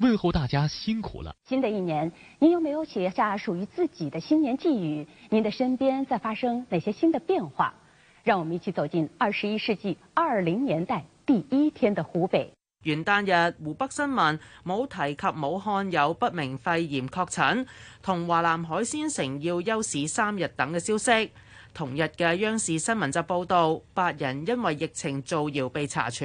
問候大家，辛苦了！新的一年，您有沒有寫下屬於自己的新年寄語？您的身邊在發生哪些新的變化？讓我們一起走進二十一世紀二零年代第一天的湖北。元旦日，湖北新聞冇提及武漢有不明肺炎確診，同華南海鮮城要休市三日等嘅消息。同日嘅央視新聞就報道，八人因為疫情造謠被查處。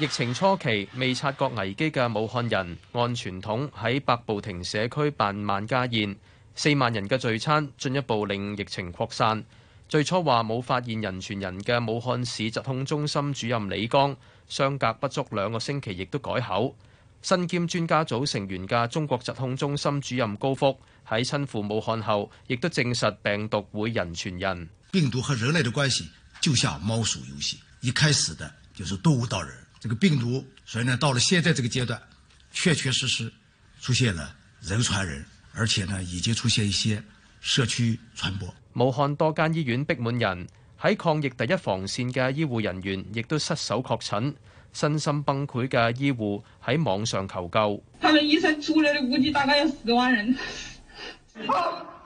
疫情初期未察覺危機嘅武漢人，按傳統喺百步亭社區辦萬家宴，四萬人嘅聚餐進一步令疫情擴散。最初話冇發現人傳人嘅武漢市疾控中心主任李剛，相隔不足兩個星期，亦都改口。身兼專家組成員嘅中國疾控中心主任高福喺親赴武漢後亦都證實病毒會人傳人。病毒和人類嘅關係就像貓鼠遊戲一開始的就是動物到人。這個病毒，所以呢，到了現在這個階段，確確實實出現了人傳人，而且呢，已經出現一些社區傳播。武漢多間醫院逼滿人，喺抗疫第一防綫嘅醫護人員亦都失手確診，身心崩潰嘅醫護喺網上求救。他們醫生出來的估計大概有十萬人。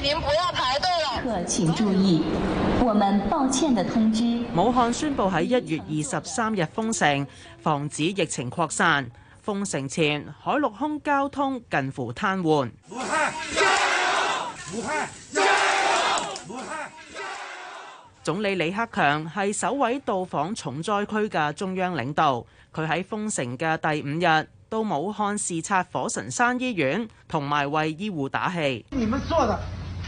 您不要排隊了，旅客請注意，我們抱歉的通知。武漢宣布喺一月二十三日封城，防止疫情擴散。封城前，海陸空交通近乎癱瘓。武漢加油！武漢加油！武漢加油！總理李克強係首位到訪重災區嘅中央領導。佢喺封城嘅第五日，到武漢視察火神山醫院，同埋為醫護打氣。你們做的。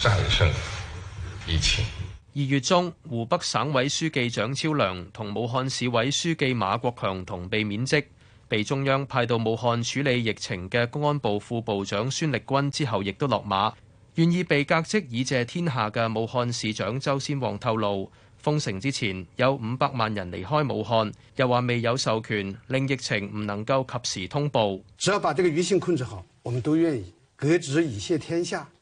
真係傷以。二月中，湖北省委書記蔣超良同武漢市委書記馬國強同被免職。被中央派到武漢處理疫情嘅公安部副部長孫力軍之後，亦都落馬。願意被革職以謝天下嘅武漢市長周先旺透露，封城之前有五百萬人離開武漢，又話未有授權令疫情唔能夠及時通報。只要把這個疫情控制好，我們都願意革職以謝天下。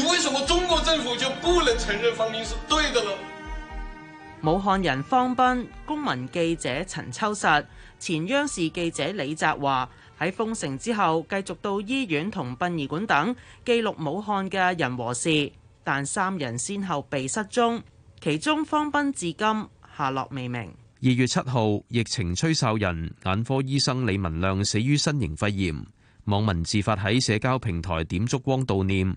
你為什麼中國政府就不能承認方斌是對的呢？武漢人方斌、公民記者陳秋實、前央視記者李澤華喺封城之後，繼續到醫院同殯儀館等記錄武漢嘅人和事，但三人先後被失蹤，其中方斌至今下落未明。二月七號，疫情吹哨人眼科醫生李文亮死於新型肺炎，網民自發喺社交平台點燭光悼念。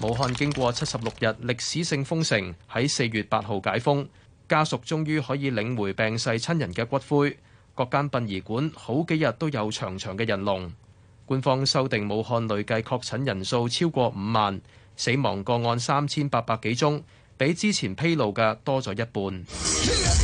武漢經過七十六日歷史性封城，喺四月八號解封，家屬終於可以領回病逝親人嘅骨灰。各間殯儀館好幾日都有長長嘅人龍。官方修訂武漢累計確診人數超過五萬，死亡個案三千八百幾宗，比之前披露嘅多咗一半。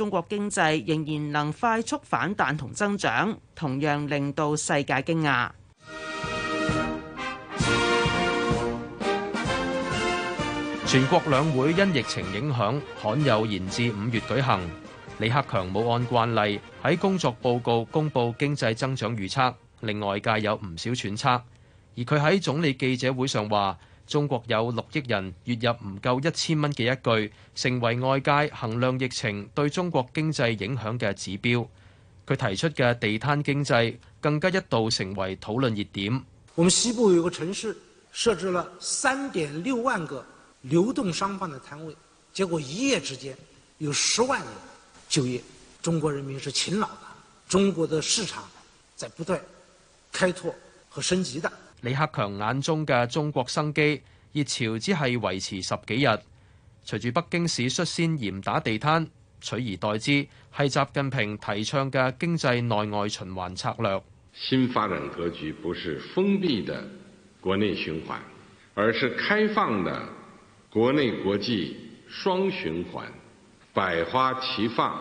中國經濟仍然能快速反彈同增長，同樣令到世界驚訝。全國兩會因疫情影響，罕有延至五月舉行。李克強冇按慣例喺工作報告公布經濟增長預測，令外界有唔少揣測。而佢喺總理記者會上話：中國有六億人月入唔夠一千蚊嘅一句，成為外界衡量疫情對中國經濟影響嘅指標。佢提出嘅地攤經濟，更加一度成為討論熱點。我們西部有一個城市，設置了三點六萬個流動商販的攤位，結果一夜之間有十萬人就業。中國人民是勤勞的，中國的市場在不斷開拓和升級的。李克強眼中嘅中國生機熱潮只係維持十幾日，隨住北京市率先嚴打地攤，取而代之係習近平提倡嘅經濟內外循環策略。新發展格局不是封閉的國內循環，而是開放的國內國際雙循環，百花齊放，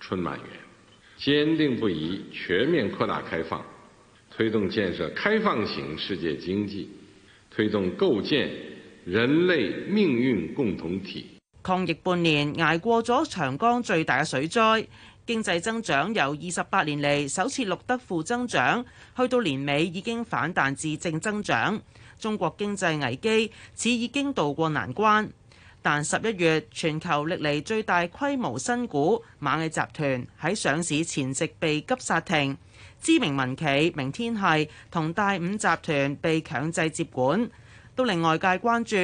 春滿園，堅定不移全面擴大開放。推動建設開放型世界經濟，推動構建人類命運共同體。抗疫半年，挨過咗長江最大嘅水災，經濟增長由二十八年嚟，首次錄得負增長，去到年尾已經反彈至正增長。中國經濟危機似已經渡過難關，但十一月全球歷嚟最大規模新股螞蟻集團喺上市前夕被急剎停。知名民企明天系同大五集團被強制接管，都令外界關注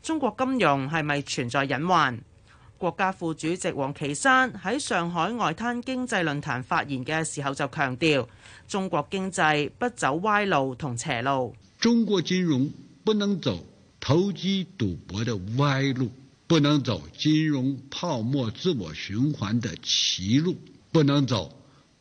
中國金融係咪存在隱患？國家副主席王岐山喺上海外灘經濟論壇發言嘅時候就強調：中國經濟不走歪路同邪路。中國金融不能走投機賭博的歪路，不能走金融泡沫自我循環的歧路，不能走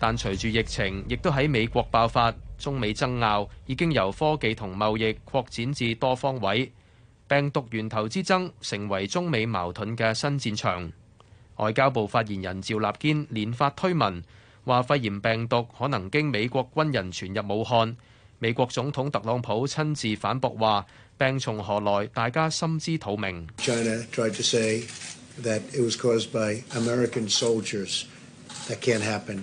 但隨住疫情亦都喺美國爆發，中美爭拗已經由科技同貿易擴展至多方位，病毒源頭之爭成為中美矛盾嘅新戰場。外交部發言人趙立堅連發推文，話肺炎病毒可能經美國軍人傳入武漢。美國總統特朗普親自反駁話：病從何來？大家心知肚明。China tried to say that it was caused by American soldiers that can't happen.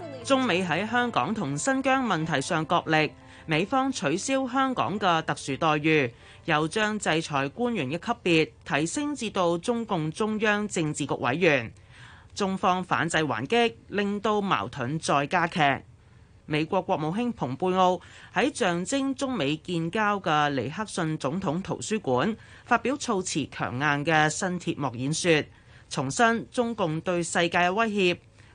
中美喺香港同新疆問題上角力，美方取消香港嘅特殊待遇，又將制裁官員嘅級別提升至到中共中央政治局委員，中方反制還擊令到矛盾再加劇，美國國務卿蓬佩奧喺象徵中美建交嘅尼克遜總統圖書館發表措辭強硬嘅新鐵幕演說，重申中共對世界嘅威脅。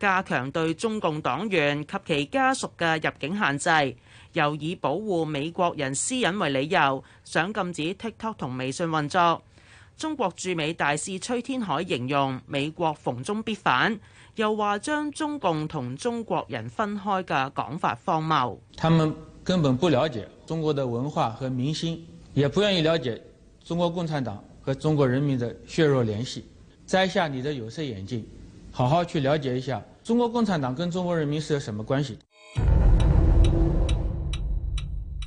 加強對中共黨員及其家屬嘅入境限制，又以保護美國人私隱為理由，想禁止 TikTok 同微信運作。中國駐美大使崔天海形容美國逢中必反，又話將中共同中國人分開嘅講法荒謬。他們根本不了解中國的文化和民心，也不願意了解中國共產黨和中國人民的血肉聯繫。摘下你的有色眼鏡，好好去了解一下。中國共產黨跟中國人民是什麼關係？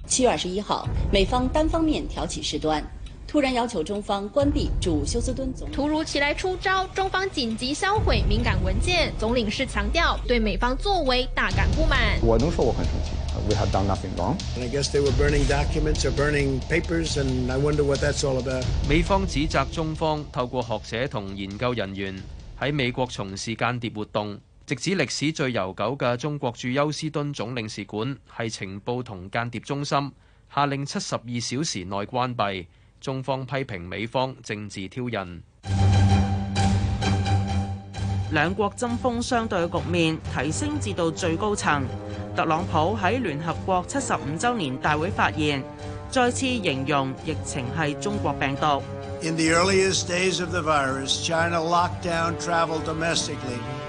七月二十一號，美方單方面挑起事端，突然要求中方關閉駐休斯敦總。突如其來出招，中方緊急銷毀敏感文件，總領事強調對美方作為大感不滿。我能說我很生氣。We have done nothing wrong. I guess they were burning documents or burning papers, and I wonder what that's all about. 美方指責中方透過學者同研究人員喺美國從事間諜活動。直指歷史最悠久嘅中國駐休斯敦總領事館係情報同間諜中心，下令七十二小時內關閉。中方批評美方政治挑釁，兩國針鋒相對局面提升至到最高層。特朗普喺聯合國七十五週年大會發言，再次形容疫情係中國病毒。In the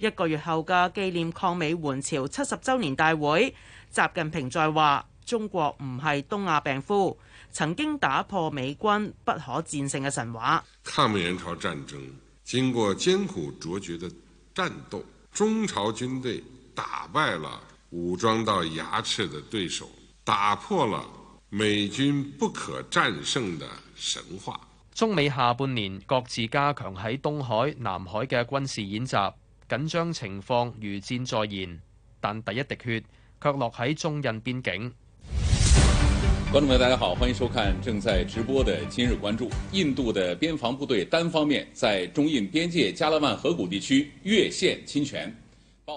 一個月後嘅紀念抗美援朝七十周年大會，習近平再話：中國唔係東亞病夫，曾經打破美軍不可戰勝嘅神話。抗美援朝戰爭經過艱苦卓絕嘅戰鬥，中朝軍隊打敗了武裝到牙齒的對手，打破了美軍不可戰勝的神話。中美下半年各自加強喺東海、南海嘅軍事演習。緊張情況如箭在弦，但第一滴血卻落喺中印邊境。觀眾朋友，大家好，歡迎收看正在直播的《今日關注》。印度的邊防部隊單方面在中印邊界加勒萬河谷地區越線侵權。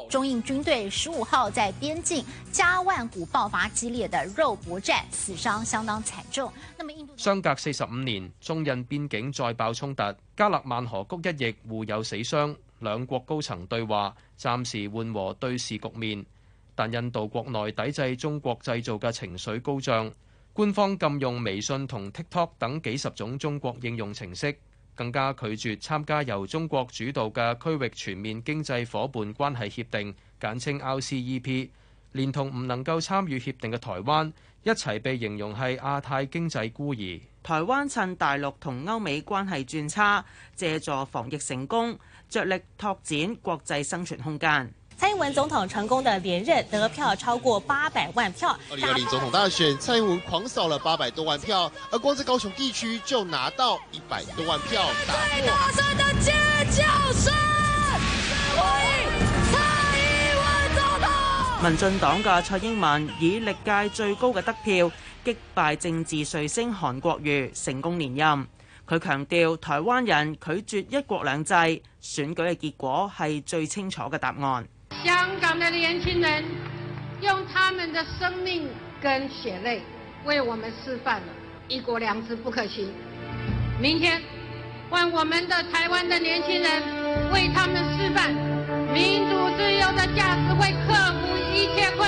中印軍隊十五號在邊境加萬谷爆發激烈的肉搏戰，死傷相當慘重。那麼，印度相隔四十五年中印邊境再爆衝突，加勒萬河谷一役互有死傷。兩國高層對話暫時緩和對峙局面，但印度國內抵制中國製造嘅情緒高漲，官方禁用微信同 TikTok 等幾十種中國應用程式，更加拒絕參加由中國主導嘅區域全面經濟伙伴關係協定，簡稱 RCEP，連同唔能夠參與協定嘅台灣，一齊被形容係亞太經濟孤兒。台灣趁大陸同歐美關係轉差，借助防疫成功，着力拓展國際生存空間。蔡英文總統成功的連任，得票超過八百萬票。2020總統大選，蔡英文狂掃了八百多萬票，而光在高雄地區就拿到一百多萬票。最大聲的尖叫聲。民進黨嘅蔡英文以歷屆最高嘅得票擊敗政治彗星韓國瑜，成功連任。佢強調，台灣人拒絕一國兩制，選舉嘅結果係最清楚嘅答案。香港嘅年輕人用他們嘅生命跟血淚，為我們示範了一國兩制不可行。明天，換我們的台灣嘅年輕人，為他們示範民主自由嘅價值，會客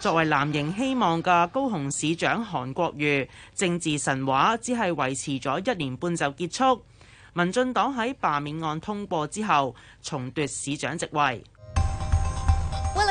作為藍營希望嘅高雄市長韓國瑜，政治神話只係維持咗一年半就結束。民進黨喺罷免案通過之後，重奪市長席位。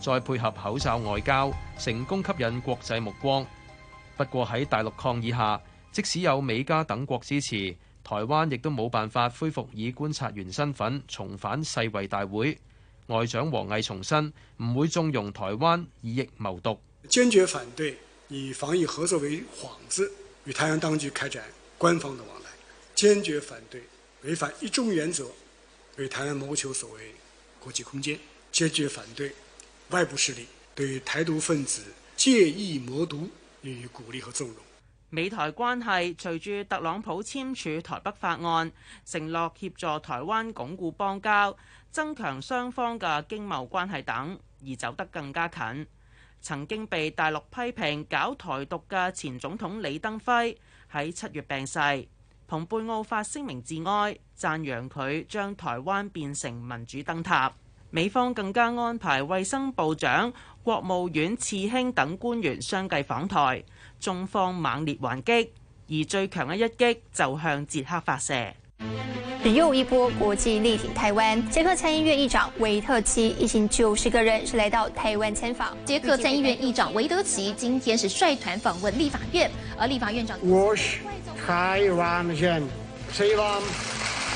再配合口罩外交，成功吸引國際目光。不過喺大陸抗議下，即使有美加等國支持，台灣亦都冇辦法恢復以觀察員身份重返世衛大會。外長王毅重申，唔會縱容台灣以疫謀獨，堅決反對以防疫合作爲幌子，與台灣當局開展官方的往來，堅決反對違反一中原則，爲台灣謀求所謂國際空間，堅決反對。外部勢力對台獨分子借意謀獨予以鼓勵和縱容。美台關係隨住特朗普簽署台北法案，承諾協助台灣鞏固邦交、增強雙方嘅經貿關係等，而走得更加近。曾經被大陸批評搞台獨嘅前總統李登輝喺七月病逝，蓬佩奧發聲明致哀，讚揚佢將台灣變成民主燈塔。美方更加安排衛生部長、國務院次卿等官員相繼訪台，中方猛烈還擊，而最強嘅一擊就向捷克發射。又一波國際力挺台灣，捷克參議院議長維特奇一行九十個人是來到台灣參訪。捷克參議院議長維德奇今天是率團訪問立法院，而立法院長，是台灣人。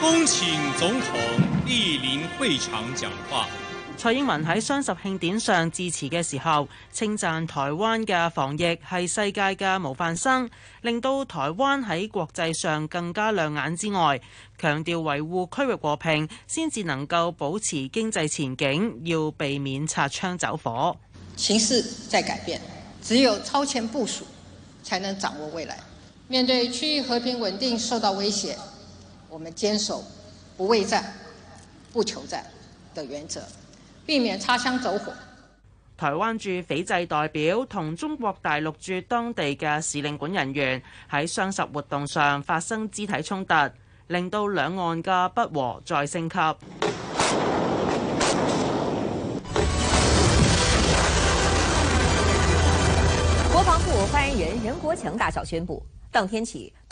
恭請總統蒞臨會場講話。蔡英文喺雙十慶典上致辭嘅時候，稱讚台灣嘅防疫係世界嘅模範生，令到台灣喺國際上更加亮眼之外，強調維護區域和平先至能夠保持經濟前景，要避免擦槍走火。情勢在改變，只有超前部署，才能掌握未來。面對區域和平穩定受到威脅，我們堅守不畏戰、不求戰的原則，避免擦槍走火。台灣駐斐濟代表同中國大陸駐當地嘅使領館人員喺雙十活動上發生肢體衝突，令到兩岸嘅不和再升級。國防部發言人任國強大校宣布，當天起，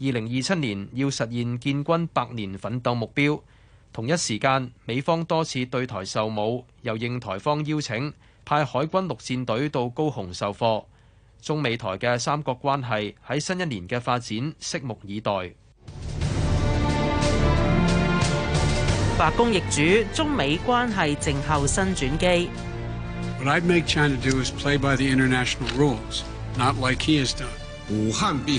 二零二七年要實現建軍百年奮鬥目標。同一時間，美方多次對台受武，由應台方邀請派海軍陸戰隊到高雄授課。中美台嘅三角關係喺新一年嘅發展，拭目以待。白宮亦主中美關係靜候新轉機。但係我 make China do is play by the international rules，not like he s done 武。武必